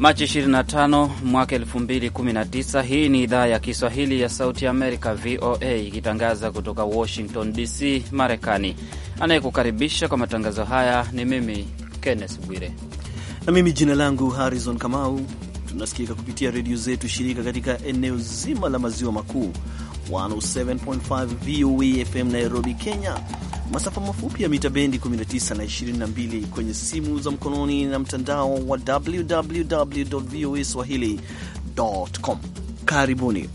Machi 25 mwaka 2019. Hii ni idhaa ya Kiswahili ya Sauti Amerika, VOA, ikitangaza kutoka Washington DC, Marekani. Anayekukaribisha kwa matangazo haya ni mimi Kenneth Bwire, na mimi jina langu Harrison Kamau. Tunasikika kupitia redio zetu shirika katika eneo zima la maziwa makuu, 107.5 VOA FM Nairobi, Kenya, masafa mafupi ya mita bendi 19 na 22 kwenye simu za mkononi na mtandao wa www voa swahili.com. Karibuni.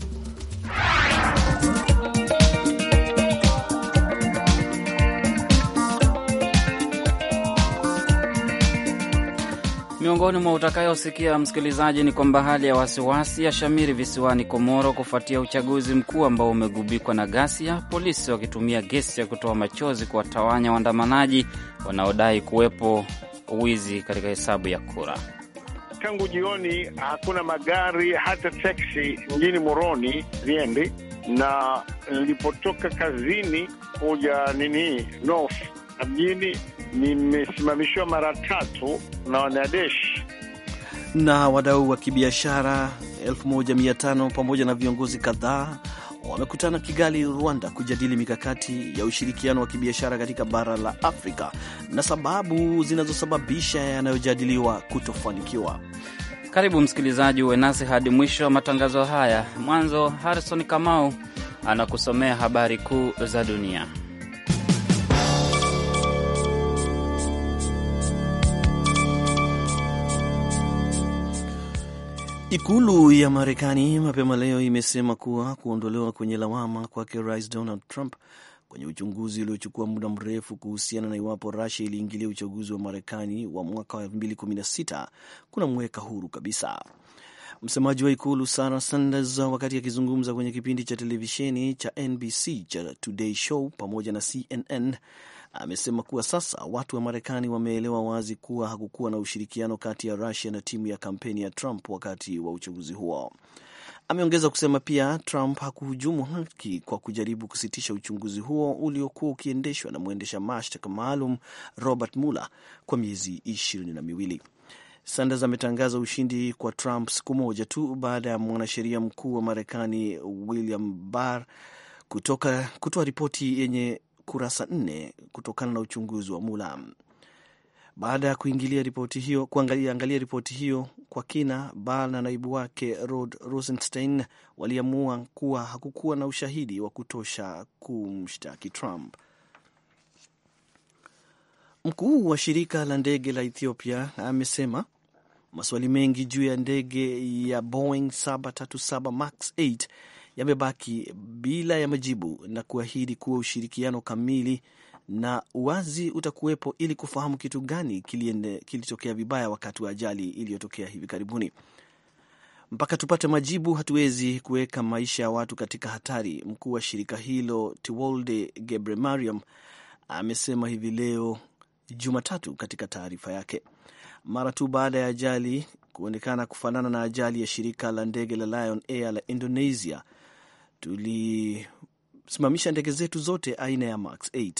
Miongoni mwa utakayosikia msikilizaji, ni kwamba hali ya wasiwasi ya shamiri visiwani Komoro kufuatia uchaguzi mkuu ambao umegubikwa na ghasia, polisi wakitumia gesi ya kutoa machozi kuwatawanya waandamanaji wanaodai kuwepo wizi katika hesabu ya kura. Tangu jioni hakuna magari hata teksi mjini Moroni viendi, na nilipotoka kazini kuja nini north na mjini nimesimamishwa mara tatu na wanadeshi na wadau wa kibiashara 1500 pamoja na viongozi kadhaa wamekutana Kigali, Rwanda, kujadili mikakati ya ushirikiano wa kibiashara katika bara la Afrika na sababu zinazosababisha yanayojadiliwa kutofanikiwa. Karibu msikilizaji, uwe nasi hadi mwisho wa matangazo haya. Mwanzo, Harrison Kamau anakusomea habari kuu za dunia. Ikulu ya Marekani mapema leo imesema kuwa kuondolewa kwenye lawama kwake Rais Donald Trump kwenye uchunguzi uliochukua muda mrefu kuhusiana na iwapo Rusia iliingilia uchaguzi wa Marekani wa mwaka wa 2016 kuna mweka huru kabisa. Msemaji wa ikulu Sarah Sanders, wakati akizungumza kwenye kipindi cha televisheni cha NBC cha Today Show pamoja na CNN amesema kuwa sasa watu wa Marekani wameelewa wazi kuwa hakukuwa na ushirikiano kati ya Rusia na timu ya kampeni ya Trump wakati wa uchaguzi huo. Ameongeza kusema pia Trump hakuhujumu haki kwa kujaribu kusitisha uchunguzi huo uliokuwa ukiendeshwa na mwendesha mashtaka maalum Robert Mueller kwa miezi ishirini na miwili. Sanders ametangaza ushindi kwa Trump siku moja tu baada ya mwanasheria mkuu wa Marekani William Barr kutoka kutoa ripoti yenye kurasa nne kutokana na uchunguzi wa Mula. Baada ya kuingilia ripoti hiyo, kuangalia ripoti hiyo kwa kina, Barr na naibu wake Rod Rosenstein waliamua kuwa hakukuwa na ushahidi wa kutosha kumshtaki Trump. Mkuu wa shirika la ndege la Ethiopia amesema maswali mengi juu ya ndege ya Boeing 737 Max yamebaki bila ya majibu na kuahidi kuwa ushirikiano kamili na wazi utakuwepo ili kufahamu kitu gani kilitokea vibaya wakati wa ajali iliyotokea hivi karibuni. Mpaka tupate majibu, hatuwezi kuweka maisha ya watu katika hatari, mkuu wa shirika hilo Tewolde Gebremariam amesema hivi leo Jumatatu katika taarifa yake, mara tu baada ya ajali kuonekana kufanana na ajali ya shirika la ndege la Lion Air la Indonesia tulisimamisha ndege zetu zote aina ya Max 8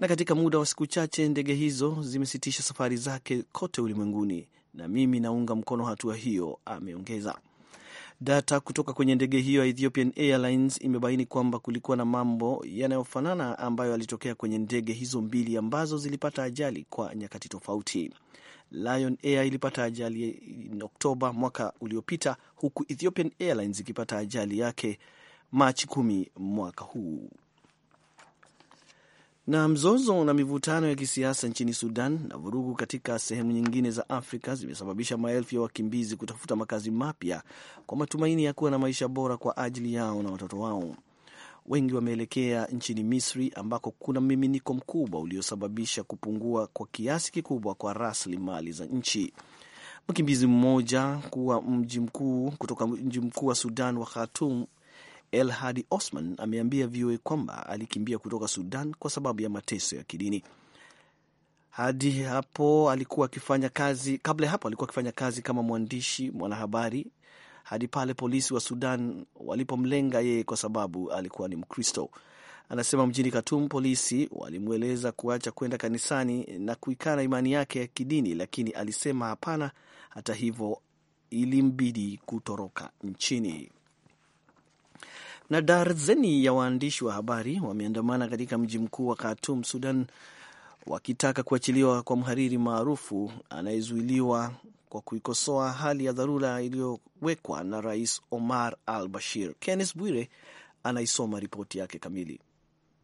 na katika muda wa siku chache ndege hizo zimesitisha safari zake kote ulimwenguni, na mimi naunga mkono hatua hiyo, ameongeza. Data kutoka kwenye ndege hiyo ya Ethiopian Airlines imebaini kwamba kulikuwa na mambo yanayofanana ambayo yalitokea kwenye ndege hizo mbili ambazo zilipata ajali kwa nyakati tofauti. Lion Air ilipata ajali Oktoba mwaka uliopita, huku Ethiopian Airlines ikipata ajali yake Machi kumi mwaka huu. Na mzozo na mivutano ya kisiasa nchini Sudan na vurugu katika sehemu nyingine za Afrika zimesababisha maelfu ya wakimbizi kutafuta makazi mapya kwa matumaini ya kuwa na maisha bora kwa ajili yao na watoto wao. Wengi wameelekea nchini Misri ambako kuna mmiminiko mkubwa uliosababisha kupungua kwa kiasi kikubwa kwa rasilimali za nchi. Mkimbizi mmoja kuwa mji mkuu kutoka mji mkuu wa Sudan wa Khartoum El Hadi Osman ameambia VOA kwamba alikimbia kutoka Sudan kwa sababu ya mateso ya kidini. Hadi hapo alikuwa akifanya kazi, kabla ya hapo alikuwa akifanya kazi kama mwandishi mwanahabari hadi pale polisi wa Sudan walipomlenga yeye kwa sababu alikuwa ni Mkristo. Anasema mjini Khartoum polisi walimweleza kuacha kwenda kanisani na kuikana imani yake ya kidini, lakini alisema hapana. Hata hivyo, ilimbidi kutoroka nchini na darzeni ya waandishi wa habari wameandamana katika mji mkuu wa Khartoum, Sudan, wakitaka kuachiliwa kwa mhariri maarufu anayezuiliwa kwa kuikosoa hali ya dharura iliyowekwa na Rais Omar al Bashir. Kennes Bwire anaisoma ripoti yake kamili.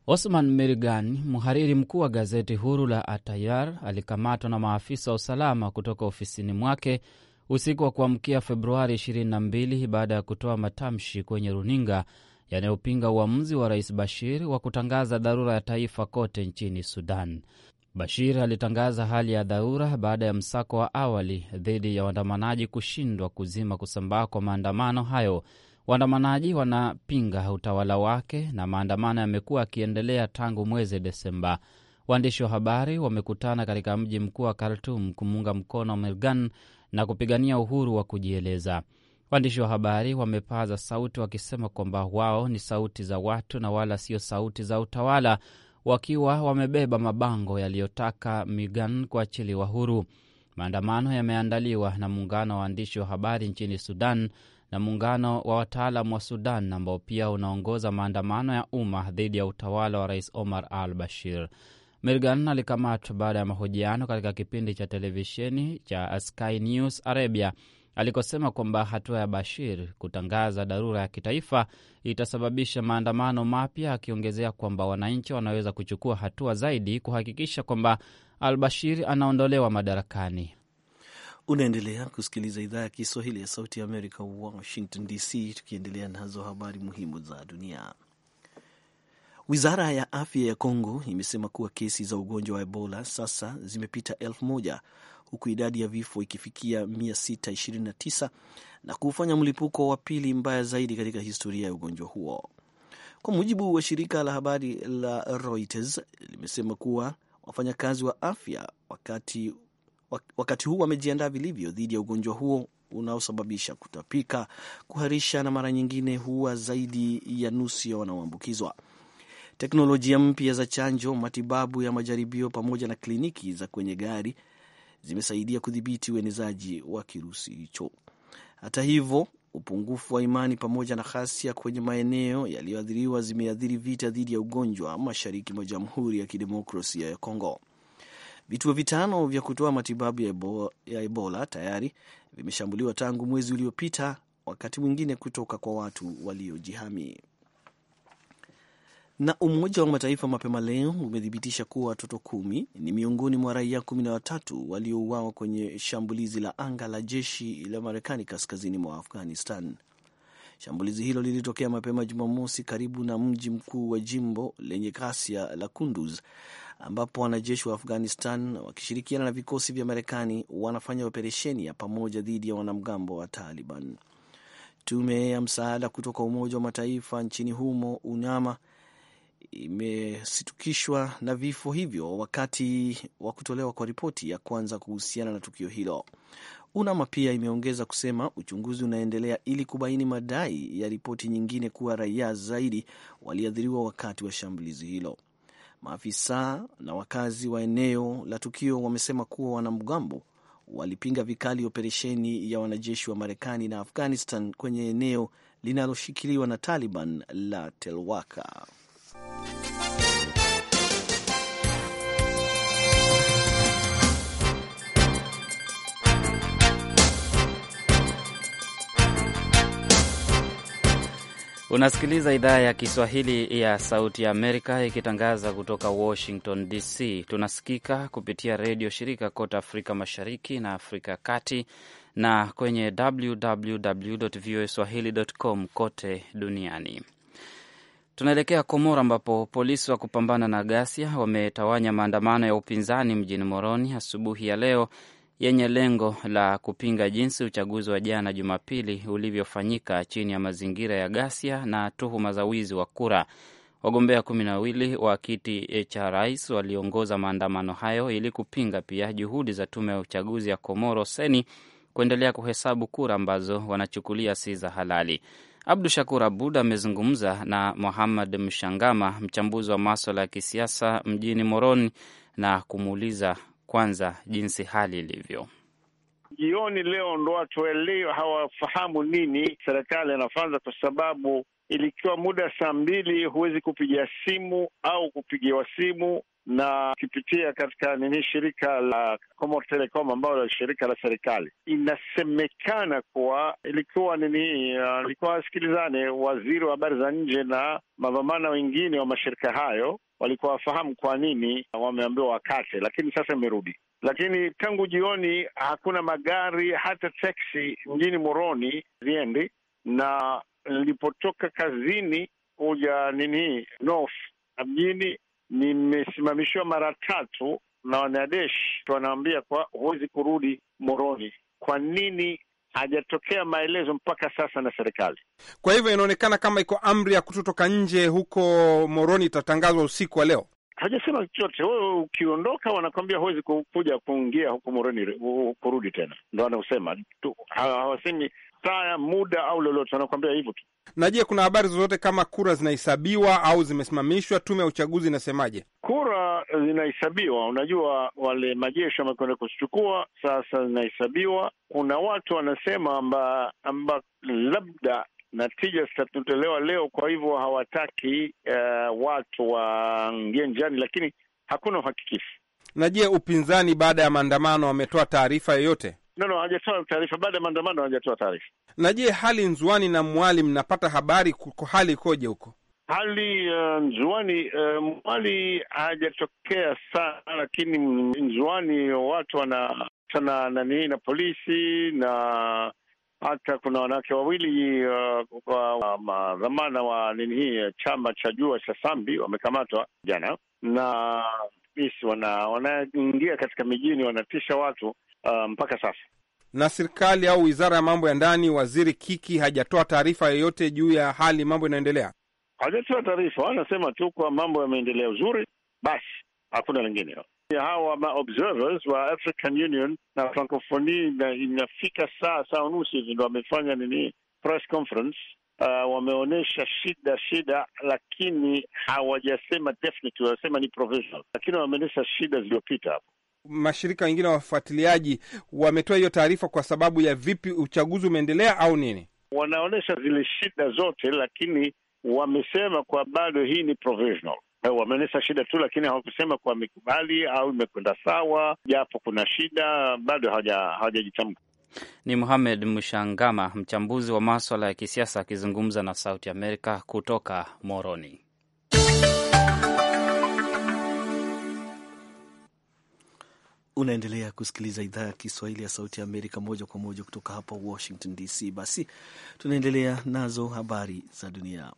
Osman Mirgani, mhariri mkuu wa gazeti huru la Atayar, alikamatwa na maafisa wa usalama kutoka ofisini mwake usiku wa kuamkia Februari 22 baada ya kutoa matamshi kwenye runinga yanayopinga uamuzi wa rais Bashir wa kutangaza dharura ya taifa kote nchini Sudan. Bashir alitangaza hali ya dharura baada ya msako wa awali dhidi ya waandamanaji kushindwa kuzima kusambaa kwa maandamano hayo. Waandamanaji wanapinga utawala wake na maandamano yamekuwa yakiendelea tangu mwezi Desemba. Waandishi wa habari wamekutana katika mji mkuu wa Khartum kumuunga mkono Mergan na kupigania uhuru wa kujieleza. Waandishi wa habari wamepaza sauti wakisema kwamba wao ni sauti za watu na wala sio sauti za utawala, wakiwa wamebeba mabango yaliyotaka Migan kuachiliwa huru. Maandamano yameandaliwa na muungano wa waandishi wa habari nchini Sudan na muungano wa wataalam wa Sudan ambao pia unaongoza maandamano ya umma dhidi ya utawala wa Rais Omar al Bashir. Mirgan alikamatwa baada ya mahojiano katika kipindi cha televisheni cha Sky News Arabia alikosema kwamba hatua ya Bashir kutangaza dharura ya kitaifa itasababisha maandamano mapya, akiongezea kwamba wananchi wanaweza kuchukua hatua zaidi kuhakikisha kwamba al Bashir anaondolewa madarakani. Unaendelea kusikiliza idhaa ya Kiswahili ya Sauti ya Amerika, Washington DC, tukiendelea nazo habari muhimu za dunia. Wizara ya afya ya Kongo imesema kuwa kesi za ugonjwa wa Ebola sasa zimepita elfu moja huku idadi ya vifo ikifikia 629 na kuufanya mlipuko wa pili mbaya zaidi katika historia ya ugonjwa huo. Kwa mujibu wa shirika la habari la Reuters, limesema kuwa wafanyakazi wa afya wakati, wakati huu wamejiandaa vilivyo dhidi ya ugonjwa huo unaosababisha kutapika, kuharisha na mara nyingine huwa zaidi ya nusu ya wanaoambukizwa. Teknolojia mpya za chanjo, matibabu ya majaribio pamoja na kliniki za kwenye gari zimesaidia kudhibiti uenezaji wa kirusi hicho. Hata hivyo, upungufu wa imani pamoja na ghasia kwenye maeneo yaliyoathiriwa zimeathiri vita dhidi ya ugonjwa mashariki mwa Jamhuri ya Kidemokrasia ya Kongo. Vituo vitano vya kutoa matibabu ya Ebola, ya Ebola tayari vimeshambuliwa tangu mwezi uliopita, wakati mwingine kutoka kwa watu waliojihami. Na Umoja wa Mataifa mapema leo umethibitisha kuwa watoto kumi ni miongoni mwa raia kumi na watatu waliouawa kwenye shambulizi la anga la jeshi la Marekani kaskazini mwa Afghanistan. Shambulizi hilo lilitokea mapema Jumamosi karibu na mji mkuu wa jimbo lenye ghasia la Kunduz, ambapo wanajeshi wa Afghanistan wakishirikiana na vikosi vya Marekani wanafanya operesheni ya pamoja dhidi ya wanamgambo wa Taliban. Tume ya msaada kutoka Umoja wa Mataifa nchini humo UNAMA imesitukishwa na vifo hivyo wakati wa kutolewa kwa ripoti ya kwanza kuhusiana na tukio hilo. UNAMA pia imeongeza kusema uchunguzi unaendelea ili kubaini madai ya ripoti nyingine kuwa raia zaidi waliathiriwa wakati wa shambulizi hilo. Maafisa na wakazi wa eneo la tukio wamesema kuwa wanamgambo walipinga vikali operesheni ya wanajeshi wa Marekani na Afghanistan kwenye eneo linaloshikiliwa na Taliban la Telwaka. Unasikiliza idhaa ya Kiswahili ya Sauti ya Amerika ikitangaza kutoka Washington DC. Tunasikika kupitia redio shirika kote Afrika Mashariki na Afrika ya Kati na kwenye www voa swahili.com kote duniani. Tunaelekea Komoro ambapo polisi wa kupambana na ghasia wametawanya maandamano ya upinzani mjini Moroni asubuhi ya leo yenye lengo la kupinga jinsi uchaguzi wa jana Jumapili ulivyofanyika chini ya mazingira ya ghasia na tuhuma za wizi wa kura. Wagombea kumi na wawili wa kiti cha rais waliongoza maandamano hayo ili kupinga pia juhudi za tume ya uchaguzi ya Komoro Seni kuendelea kuhesabu kura ambazo wanachukulia si za halali. Abdu Shakur Abud amezungumza na Muhammad Mshangama, mchambuzi wa maswala ya kisiasa mjini Moroni, na kumuuliza kwanza jinsi hali ilivyo. Jioni leo ndo watu waelewa hawafahamu nini serikali inafanza, kwa sababu ilikiwa muda saa mbili huwezi kupigia simu au kupigiwa simu na ukipitia katika nini shirika la Komo Telecom ambayo ni shirika la serikali, inasemekana kuwa ilikuwa nini, uh, ilikuwa uh, wasikilizane, waziri wa habari za nje na mavamana wengine wa mashirika hayo walikuwa wafahamu kwa nini wameambiwa wakate, lakini sasa imerudi. Lakini tangu jioni hakuna magari hata teksi mjini Moroni ziendi, na nilipotoka kazini kuja nini north mjini nimesimamishiwa mara tatu na wanadesh wanaambia kwa huwezi kurudi Moroni. Kwa nini? Hajatokea maelezo mpaka sasa na serikali. Kwa hivyo inaonekana kama iko amri ya kutotoka nje huko Moroni, itatangazwa usiku wa leo. Hajasema chochote. Wewe ukiondoka, wanakwambia huwezi kuja kuingia huku Moroni, kurudi tena, ndo wanaosema. Hawasemi saa, muda au lolote, anakuambia hivyo tu. Na je, kuna habari zozote kama kura zinahesabiwa au zimesimamishwa? Tume ya uchaguzi inasemaje? Kura zinahesabiwa, unajua wale majeshi wamekwenda kuzichukua, sasa zinahesabiwa. Kuna watu wanasema amba, amba labda natija zitatotolewa leo, kwa hivyo hawataki uh, watu waingie njiani, lakini hakuna uhakikifu Na je, upinzani baada ya maandamano wametoa taarifa yoyote? No, no, hajatoa taarifa. Baada ya maandamano hajatoa taarifa. Na je, hali Nzuani na Mwali, mnapata habari kuko, hali ikoje huko? Hali uh, Nzuani uh, Mwali hajatokea sana, lakini Nzuani watu wanatana nanii na polisi na hata kuna wanawake wawili uh, dhamana uh, wa nini hii chama cha jua cha Sambi wamekamatwa jana na polisi, wanaingia wana katika mijini, wanatisha watu Uh, mpaka sasa. Na serikali au wizara ya mambo ya ndani, waziri Kiki hajatoa taarifa yoyote juu ya hali mambo inaendelea, hajatoa taarifa, anasema tu kwa mambo yameendelea uzuri, basi hakuna lingine. Hawa ma observers wa African Union na Francophonie na inafika saa saa unusu hivi ndo wamefanya nini press conference uh, wameonyesha shida shida, lakini hawajasema definite, wanasema ni provisional, lakini wameonyesha shida zilizopita hapo mashirika wengine wa wafuatiliaji wametoa hiyo taarifa kwa sababu ya vipi uchaguzi umeendelea au nini? Wanaonyesha zile shida zote, lakini wamesema kwa bado hii ni provisional. Eh, Wameonyesha shida tu, lakini hawakusema kuwa mikubali au imekwenda sawa, japo kuna shida bado hawajajitamka. Ni Muhamed Mshangama, mchambuzi wa maswala ya kisiasa akizungumza na Sauti Amerika kutoka Moroni. Unaendelea kusikiliza idhaa ya Kiswahili ya Sauti ya Amerika moja kwa moja kutoka hapa Washington DC. Basi tunaendelea nazo habari za dunia.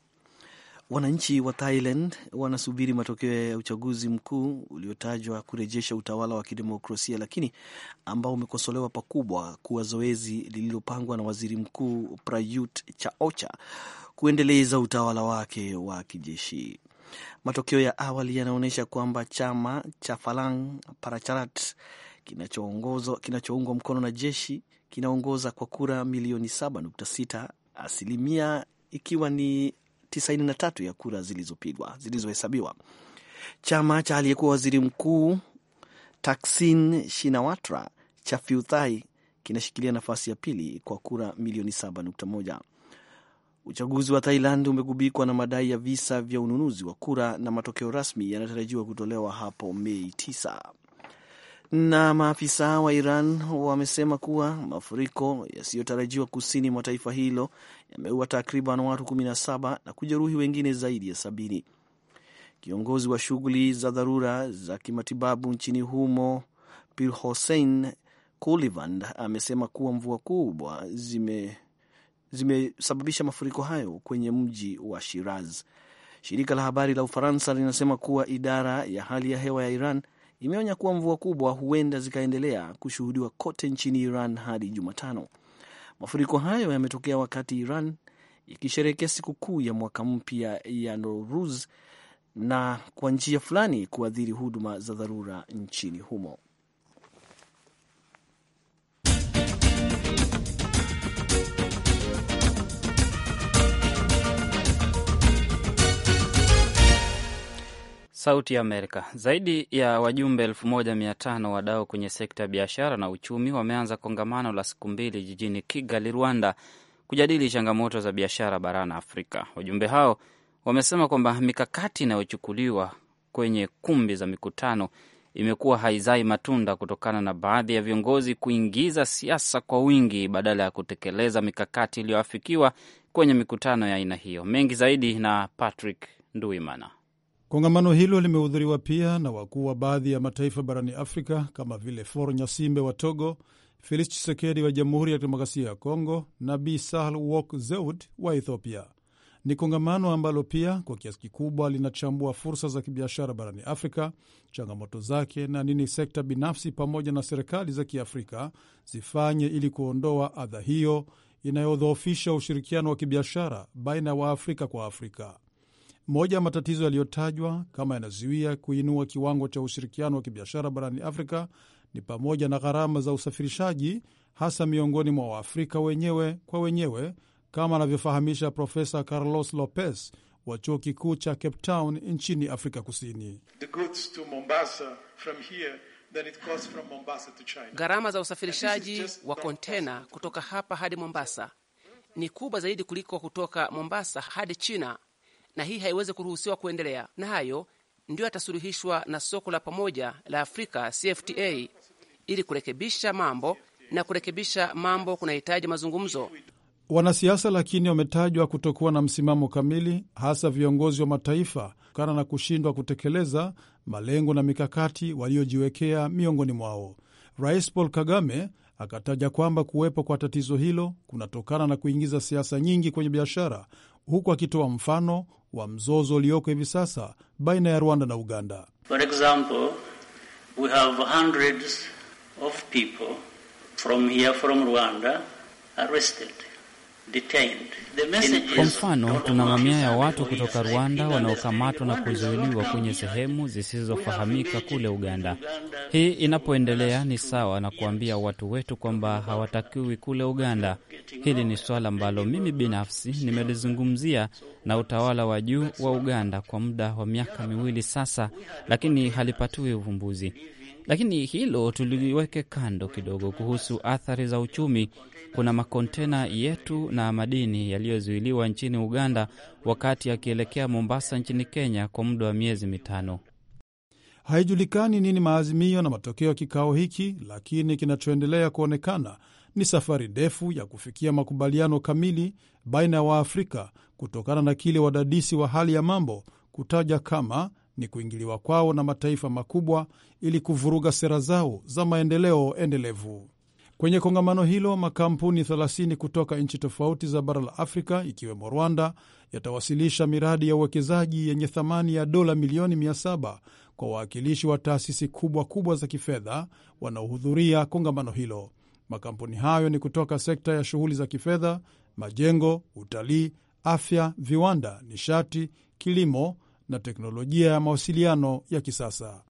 Wananchi wa Thailand wanasubiri matokeo ya uchaguzi mkuu uliotajwa kurejesha utawala wa kidemokrasia, lakini ambao umekosolewa pakubwa kuwa zoezi lililopangwa na waziri mkuu Prayut Chaocha kuendeleza utawala wake wa kijeshi. Matokeo ya awali yanaonyesha kwamba chama cha Falang Paracharat kinachoungwa mkono na jeshi kinaongoza kwa kura milioni 7.6, asilimia ikiwa ni 93 ya kura zilizopigwa zilizohesabiwa. Chama cha aliyekuwa waziri mkuu Taksin Shinawatra cha Fiuthai kinashikilia nafasi ya pili kwa kura milioni 7.1. Uchaguzi wa Thailand umegubikwa na madai ya visa vya ununuzi wa kura na matokeo rasmi yanatarajiwa kutolewa hapo Mei 9. Na maafisa wa Iran wamesema kuwa mafuriko yasiyotarajiwa kusini mwa taifa hilo yameua takriban watu 17 na kujeruhi wengine zaidi ya sabini. Kiongozi wa shughuli za dharura za kimatibabu nchini humo Pir Hossein Kulivand amesema kuwa mvua kubwa zime zimesababisha mafuriko hayo kwenye mji wa Shiraz. Shirika la habari la Ufaransa linasema kuwa idara ya hali ya hewa ya Iran imeonya kuwa mvua kubwa huenda zikaendelea kushuhudiwa kote nchini Iran hadi Jumatano. Mafuriko hayo yametokea wakati Iran ikisherehekea sikukuu ya mwaka mpya ya Noruz na kwa njia fulani kuathiri huduma za dharura nchini humo. Sauti ya Amerika. Zaidi ya wajumbe tano wadau kwenye sekta ya biashara na uchumi wameanza kongamano la siku mbili jijini Kigali, Rwanda, kujadili changamoto za biashara barani Afrika. Wajumbe hao wamesema kwamba mikakati inayochukuliwa kwenye kumbi za mikutano imekuwa haizai matunda kutokana na baadhi ya viongozi kuingiza siasa kwa wingi badala ya kutekeleza mikakati iliyoafikiwa kwenye mikutano ya aina hiyo. Mengi zaidi na Patrick Nduimana. Kongamano hilo limehudhuriwa pia na wakuu wa baadhi ya mataifa barani Afrika kama vile For Nyasimbe wa Togo, Felix Chisekedi wa Jamhuri ya Kidemokrasia ya Kongo na Bi sahle Wok Zeud wa Ethiopia. Ni kongamano ambalo pia kwa kiasi kikubwa linachambua fursa za kibiashara barani Afrika, changamoto zake na nini sekta binafsi pamoja na serikali za Kiafrika zifanye ili kuondoa adha hiyo inayodhoofisha ushirikiano wa kibiashara baina ya Waafrika kwa Afrika. Moja ya matatizo yaliyotajwa kama yanazuia kuinua kiwango cha ushirikiano wa kibiashara barani Afrika ni pamoja na gharama za usafirishaji, hasa miongoni mwa Waafrika wenyewe kwa wenyewe, kama anavyofahamisha Profesa Carlos Lopez wa chuo kikuu cha Cape Town nchini Afrika Kusini. Gharama za usafirishaji wa kontena kutoka hapa hadi Mombasa ni kubwa zaidi kuliko kutoka Mombasa hadi China na hii haiwezi kuruhusiwa kuendelea, na hayo ndiyo yatasuluhishwa na soko la pamoja la Afrika CFTA. Ili kurekebisha mambo na kurekebisha mambo kunahitaji mazungumzo. Wanasiasa lakini wametajwa kutokuwa na msimamo kamili, hasa viongozi wa mataifa, kutokana na kushindwa kutekeleza malengo na mikakati waliojiwekea. Miongoni mwao Rais Paul Kagame akataja kwamba kuwepo kwa tatizo hilo kunatokana na kuingiza siasa nyingi kwenye biashara, huku akitoa mfano wa mzozo ulioko hivi sasa baina ya Rwanda na Uganda. For example, we have hundreds of people from here from Rwanda arrested kwa mfano, tuna mamia ya watu kutoka Rwanda wanaokamatwa na kuzuiliwa kwenye sehemu zisizofahamika kule Uganda. Hii inapoendelea ni sawa na kuambia watu wetu kwamba hawatakiwi kule Uganda. Hili ni swala ambalo mimi binafsi nimelizungumzia na utawala wa juu wa Uganda kwa muda wa miaka miwili sasa, lakini halipatiwi uvumbuzi lakini hilo tuliweke kando kidogo. Kuhusu athari za uchumi, kuna makontena yetu na madini yaliyozuiliwa nchini Uganda wakati yakielekea Mombasa nchini Kenya kwa muda wa miezi mitano. Haijulikani nini maazimio na matokeo ya kikao hiki, lakini kinachoendelea kuonekana ni safari ndefu ya kufikia makubaliano kamili baina ya Waafrika kutokana na kile wadadisi wa hali ya mambo kutaja kama ni kuingiliwa kwao na mataifa makubwa ili kuvuruga sera zao za maendeleo endelevu. Kwenye kongamano hilo makampuni 30 kutoka nchi tofauti za bara la Afrika ikiwemo Rwanda yatawasilisha miradi ya uwekezaji yenye thamani ya dola milioni 700 kwa wawakilishi wa taasisi kubwa kubwa za kifedha wanaohudhuria kongamano hilo. Makampuni hayo ni kutoka sekta ya shughuli za kifedha, majengo, utalii, afya, viwanda, nishati, kilimo na teknolojia ya mawasiliano ya kisasa.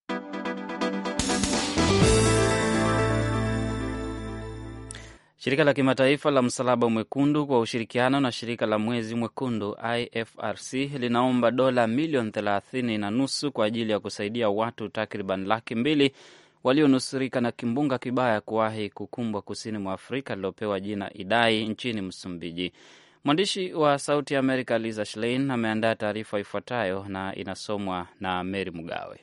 Shirika la kimataifa la Msalaba Mwekundu kwa ushirikiano na shirika la Mwezi Mwekundu IFRC linaomba dola milioni thelathini na nusu kwa ajili ya kusaidia watu takriban laki mbili walionusurika na kimbunga kibaya kuwahi kukumbwa kusini mwa Afrika lililopewa jina Idai nchini Msumbiji. Mwandishi wa Sauti ya Amerika Lisa Schlein ameandaa taarifa ifuatayo na inasomwa na Meri Mgawe.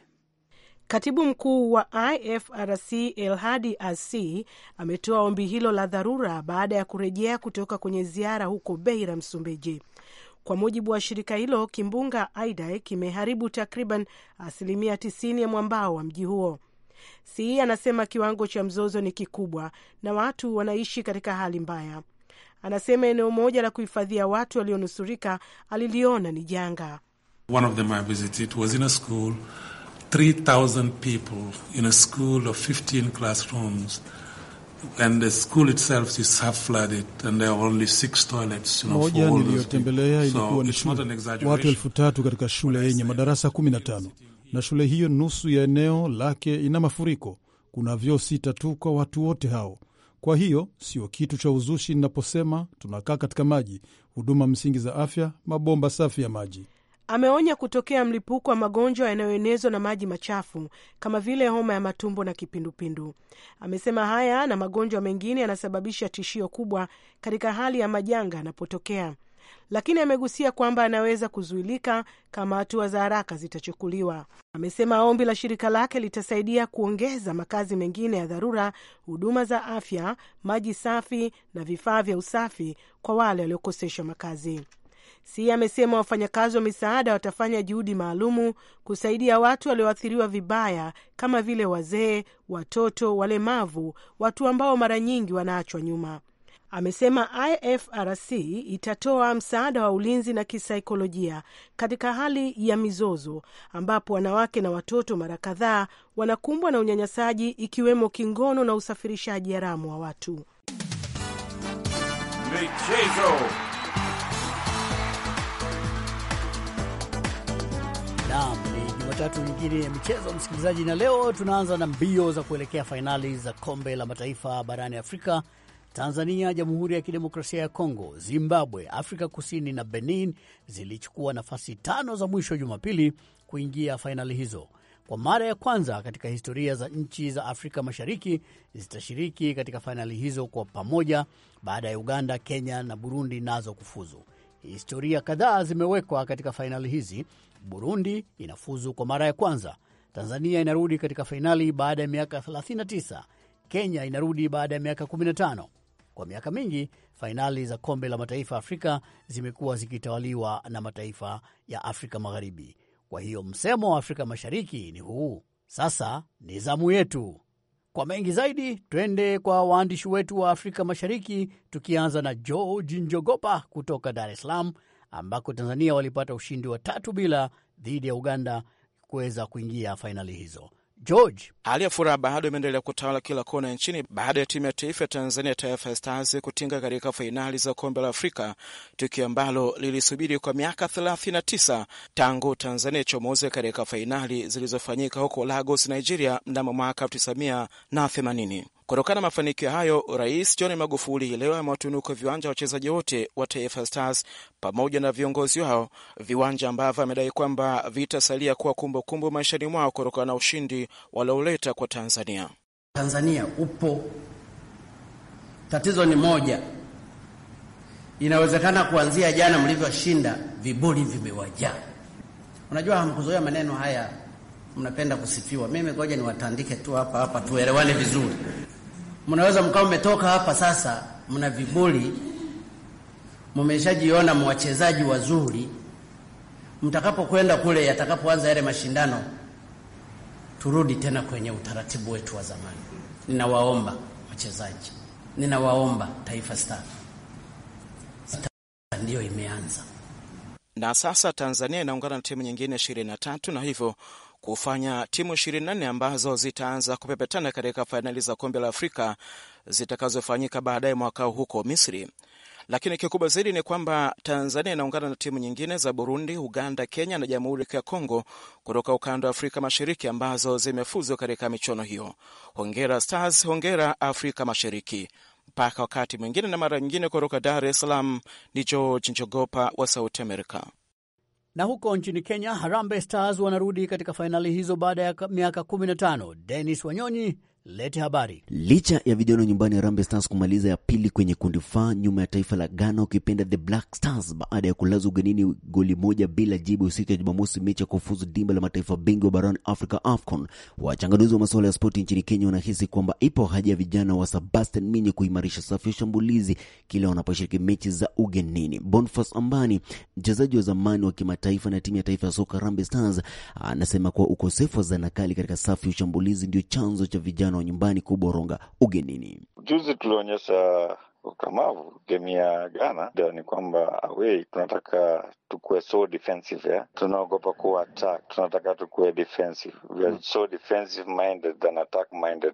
Katibu mkuu wa IFRC Elhadi Asi ametoa ombi hilo la dharura baada ya kurejea kutoka kwenye ziara huko Beira, Msumbiji. Kwa mujibu wa shirika hilo, kimbunga Idai kimeharibu takriban asilimia 90 ya mwambao wa mji huo. Si anasema kiwango cha mzozo ni kikubwa na watu wanaishi katika hali mbaya. Anasema eneo moja la kuhifadhia watu walionusurika aliliona ni janga. One of them I visited was in a school, 3,000 people in a school of 15 classrooms. Moja niliyotembelea ilikuwa ni watu elfu tatu katika shule yenye madarasa 15 na shule hiyo nusu ya eneo lake ina mafuriko. Kuna vyoo sita tu kwa watu wote hao. Kwa hiyo sio kitu cha uzushi ninaposema tunakaa katika maji, huduma msingi za afya, mabomba safi ya maji. Ameonya kutokea mlipuko wa magonjwa yanayoenezwa na maji machafu kama vile homa ya matumbo na kipindupindu. Amesema haya na magonjwa mengine yanasababisha tishio kubwa katika hali ya majanga yanapotokea, lakini amegusia kwamba anaweza kuzuilika kama hatua za haraka zitachukuliwa. Amesema ombi la shirika lake litasaidia kuongeza makazi mengine ya dharura, huduma za afya, maji safi na vifaa vya usafi kwa wale waliokoseshwa makazi. Si amesema wafanyakazi wa misaada watafanya juhudi maalumu kusaidia watu walioathiriwa vibaya kama vile wazee, watoto, walemavu, watu ambao mara nyingi wanaachwa nyuma amesema IFRC itatoa msaada wa ulinzi na kisaikolojia katika hali ya mizozo ambapo wanawake na watoto mara kadhaa wanakumbwa na unyanyasaji ikiwemo kingono na usafirishaji haramu wa watu. Michezo. Naam, ni Jumatatu nyingine ya michezo msikilizaji, na leo tunaanza na mbio za kuelekea fainali za kombe la mataifa barani Afrika Tanzania, Jamhuri ya Kidemokrasia ya Kongo, Zimbabwe, Afrika Kusini na Benin zilichukua nafasi tano za mwisho Jumapili kuingia fainali hizo. Kwa mara ya kwanza katika historia za nchi za Afrika Mashariki zitashiriki katika fainali hizo kwa pamoja baada ya Uganda, Kenya na Burundi nazo kufuzu. Historia kadhaa zimewekwa katika fainali hizi. Burundi inafuzu kwa mara ya kwanza, Tanzania inarudi katika fainali baada ya miaka 39, Kenya inarudi baada ya miaka 15. Kwa miaka mingi fainali za kombe la mataifa ya Afrika zimekuwa zikitawaliwa na mataifa ya Afrika Magharibi. Kwa hiyo msemo wa Afrika Mashariki ni huu: sasa ni zamu yetu. Kwa mengi zaidi, twende kwa waandishi wetu wa Afrika Mashariki, tukianza na George Njogopa kutoka Dar es Salaam, ambako Tanzania walipata ushindi wa tatu bila dhidi ya Uganda kuweza kuingia fainali hizo. George. Hali ya furaha bado imeendelea kutawala kila kona nchini baada ya timu ya taifa ya Tanzania, Taifa Stars, kutinga katika fainali za kombe la Afrika, tukio ambalo lilisubiri kwa miaka 39 tangu Tanzania ichomoze katika fainali zilizofanyika huko Lagos, Nigeria mnamo mwaka 1980. Kutokana na mafanikio hayo, Rais John Magufuli hii leo amewatunuka viwanja wachezaji wote wa Taifa Stars pamoja na viongozi wao, viwanja ambavyo amedai kwamba vitasalia kuwa kumbukumbu maishani mwao kutokana na ushindi walioleta kwa Tanzania. Tanzania upo, tatizo ni moja. Inawezekana kuanzia jana mlivyoshinda, viburi vimewajaa. Unajua, hamkuzoea maneno haya, mnapenda kusifiwa. Mimi ngoja niwatandike tu hapa hapa, tuelewane vizuri mnaweza mkawa mmetoka hapa sasa, mna vibuli mmeshajiona mwachezaji wazuri, mtakapokwenda kule, yatakapoanza yale mashindano, turudi tena kwenye utaratibu wetu wa zamani. Ninawaomba wachezaji, ninawaomba Taifa Star, ndiyo imeanza na sasa Tanzania inaungana na timu nyingine ishirini na tatu na hivyo kufanya timu 24 ambazo zitaanza kupepetana katika fainali za kombe la Afrika zitakazofanyika baadaye mwaka huko Misri. Lakini kikubwa zaidi ni kwamba Tanzania inaungana na timu nyingine za Burundi, Uganda, Kenya na Jamhuri ya Kongo kutoka ukanda wa Afrika Mashariki ambazo zimefuzwa katika michuano hiyo. Hongera Stars, hongera Afrika Mashariki. Mpaka wakati mwingine na mara nyingine, kutoka Dar es Salaam ni George Njogopa wa Sauti Amerika. Na huko nchini Kenya, Harambee Stars wanarudi katika fainali hizo baada ya miaka 15. denis Wanyonyi Lete habari. Licha ya vijana wa nyumbani ya Harambee Stars kumaliza ya pili kwenye kundi fa nyuma ya taifa la Ghana ukipenda the Black Stars baada ya kulazwa ugenini goli moja bila jibu usiku ya Jumamosi, mechi ya kufuzu dimba la mataifa bingwa barani Africa, AFCON. Wachanganuzi wa masuala ya spoti nchini Kenya wanahisi kwamba ipo haja ya vijana wa Sebastian Minyi kuimarisha safu ya shambulizi kila wanaposhiriki mechi za ugenini. Bonfas Ambani, mchezaji wa zamani wa kimataifa na timu ya taifa ya soka Harambee Stars, anasema kuwa ukosefu wa zanakali katika safu ya ushambulizi ndio chanzo cha vijana mashindano nyumbani kuboronga ugenini. Juzi tulionyesha kuikemea Ghana ni kwamba away tunataka tukuwe so defensive ya eh? tunaogopa kuwa attack, tunataka tukuwe defensive. We are so defensive minded than attack minded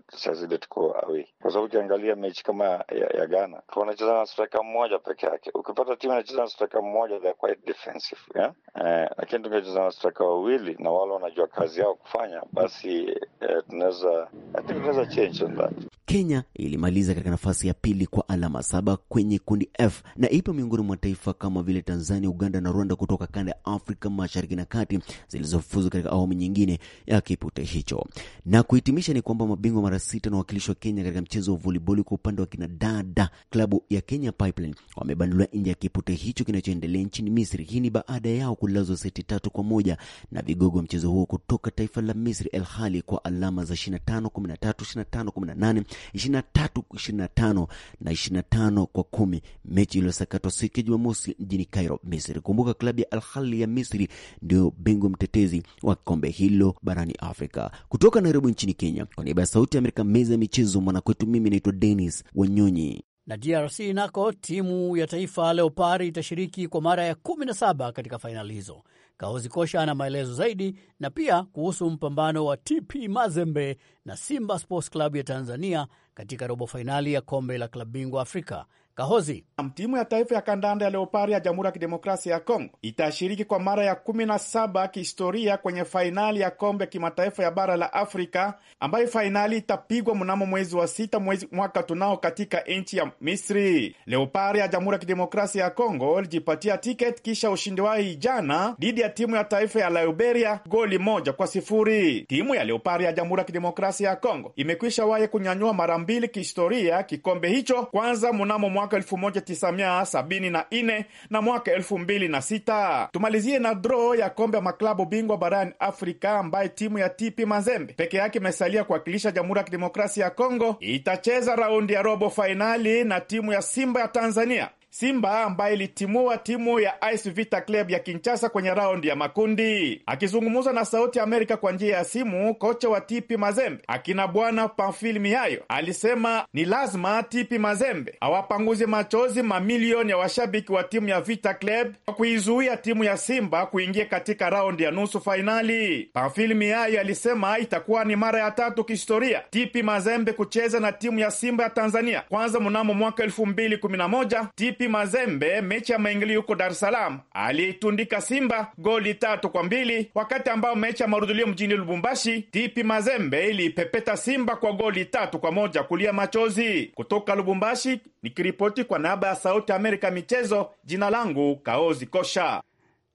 tuko away, kwa sababu ukiangalia mechi kama ya, ya Ghana wanacheza na striker mmoja peke yake. Ukipata timu inacheza na striker mmoja they are quite defensive yeah? Eh, lakini tungecheza na striker wawili na wale wanajua kazi yao kufanya, basi eh, tunaweza I think tunaweza change on that. Kenya ilimaliza katika nafasi ya pili kwa alama saba kwenye kundi F na ipo miongoni mwa taifa kama vile Tanzania, Uganda na Rwanda kutoka kanda ya Afrika Mashariki na Kati zilizofuzu katika awamu nyingine ya kipute hicho. Na kuhitimisha ni kwamba mabingwa mara sita na wakilishi wa Kenya katika mchezo wa voliboli kwa upande wa kinadada, klabu ya Kenya Pipeline wamebanduliwa nje ya kipute hicho kinachoendelea nchini Misri. Hii ni baada yao kulazwa seti tatu kwa moja na vigogo wa mchezo huo kutoka taifa la Misri, El Hali kwa alama za 25 13 25 18 ishirini na tatu ishirini na tano na ishirini na tano kwa kumi, mechi iliyosakatwa siku ya Jumamosi mjini Cairo, Misri. Kumbuka klabu ya Al Ahly ya Misri ndio bingwa mtetezi wa kombe hilo barani Afrika. Kutoka Nairobi nchini Kenya, kwa niaba ya Sauti ya Amerika, meza ya michezo mwanakwetu, mimi naitwa Dennis Wanyonyi. Na DRC nako timu ya taifa leopar itashiriki kwa mara ya 17 katika fainali hizo. Kaozi Kosha ana maelezo zaidi na pia kuhusu mpambano wa TP Mazembe na Simba Sports Club ya Tanzania katika robo fainali ya kombe la klabu bingwa Afrika Kahozi. Timu ya taifa ya kandanda ya Leopari ya Jamhuri ya Kidemokrasia ya Kongo itashiriki kwa mara ya kumi na saba kihistoria kwenye fainali ya kombe kimataifa ya bara la Afrika, ambayo fainali itapigwa mnamo mwezi wa sita mwezi mwaka tunao katika nchi ya Misri. Leopari ya Jamhuri ya Kidemokrasia ya Kongo ilijipatia tiketi kisha ushindi wao jana dhidi ya timu ya taifa ya Liberia goli moja kwa sifuri. Timu ya Leopari ya Jamhuri ya Kidemokrasia ya Kongo imekwisha waye kunyanyua mara mbili kihistoria kikombe hicho, kwanza mnamo mwaka 1974 na mwaka 2006. Tumalizie na draw ya kombe ya maklabu bingwa barani Afrika ambaye timu ya TP Mazembe peke yake imesalia kuwakilisha Jamhuri ya Kidemokrasia ya Kongo. Itacheza raundi ya robo fainali na timu ya Simba ya Tanzania Simba ambaye ilitimua timu ya Ice Vita Club ya Kinshasa kwenye raundi ya makundi. Akizungumza na Sauti ya Amerika kwa njia ya simu, kocha wa Tipi Mazembe akina bwana Pamfili Miayo alisema ni lazima Tipi Mazembe awapanguze machozi mamilioni ya washabiki wa timu ya Vita Club kwa kuizuia timu ya Simba kuingia katika raundi ya nusu fainali. Pamfili Miayo alisema itakuwa ni mara ya tatu kihistoria Tipi Mazembe kucheza na timu ya Simba ya Tanzania, kwanza mnamo mwaka elfu mbili kumi na moja Philipi Mazembe, mechi ya maingilio huko Dar es Salaam, aliitundika Simba goli tatu kwa mbili, wakati ambao mechi ya marudhulio mjini Lubumbashi, TP Mazembe iliipepeta Simba kwa goli tatu kwa moja. Kulia machozi kutoka Lubumbashi, nikiripoti kwa niaba ya Sauti america Amerika michezo, jina langu Kaozi Kosha.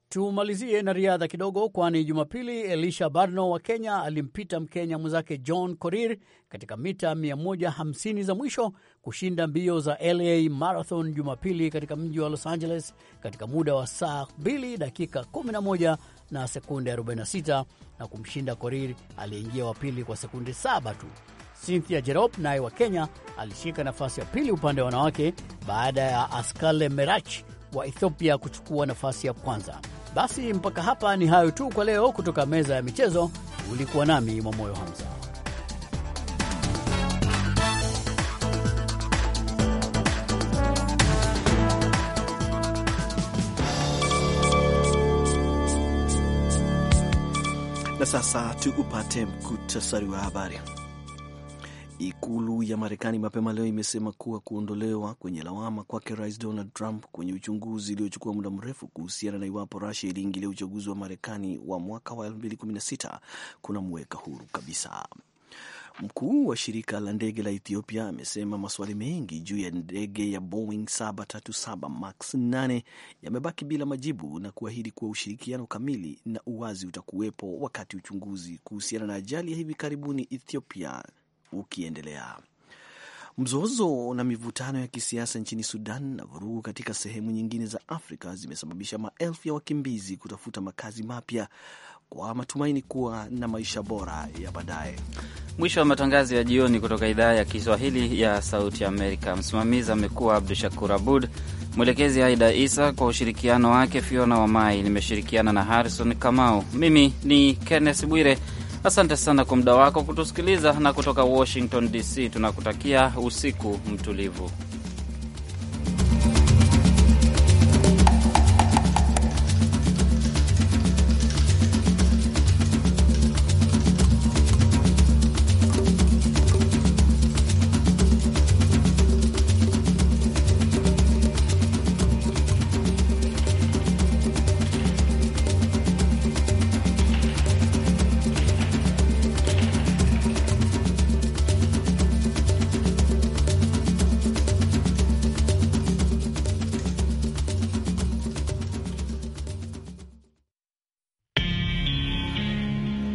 Tumalizie na riadha kidogo, kwani Jumapili Elisha Barno wa Kenya alimpita Mkenya mwenzake John Korir katika mita 150 za mwisho kushinda mbio za LA Marathon Jumapili katika mji wa Los Angeles katika muda wa saa 2 dakika 11 na sekunde 46 na kumshinda Korir aliyeingia wa pili kwa sekunde saba tu. Cynthia Jerop naye wa Kenya alishika nafasi ya pili upande wa wanawake baada ya Askale Merach wa Ethiopia kuchukua nafasi ya kwanza. Basi mpaka hapa ni hayo tu kwa leo, kutoka meza ya michezo. Ulikuwa nami Mwamoyo Hamza. Na sasa tuupate muktasari wa habari. Ikulu ya Marekani mapema leo imesema kuwa kuondolewa kwenye lawama kwake Rais Donald Trump kwenye uchunguzi uliochukua muda mrefu kuhusiana na iwapo Rusia iliingilia uchaguzi wa Marekani wa mwaka wa 2016 kuna mweka huru kabisa. Mkuu wa shirika la ndege la Ethiopia amesema maswali mengi juu ya ndege ya Boeing 737 Max 8 yamebaki bila majibu na kuahidi kuwa ushirikiano kamili na uwazi utakuwepo wakati uchunguzi kuhusiana na ajali ya hivi karibuni Ethiopia ukiendelea. Mzozo na mivutano ya kisiasa nchini Sudan na vurugu katika sehemu nyingine za Afrika zimesababisha maelfu ya wakimbizi kutafuta makazi mapya kwa matumaini kuwa na maisha bora ya baadaye. Mwisho wa matangazo ya jioni kutoka idhaa ya Kiswahili ya Sauti Amerika. Msimamizi amekuwa Abdu Shakur Abud, mwelekezi Aida Isa kwa ushirikiano wake. Fiona Wamai nimeshirikiana na Harrison Kamau. Mimi ni Kenneth Bwire. Asante sana kwa muda wako kutusikiliza, na kutoka Washington DC tunakutakia usiku mtulivu.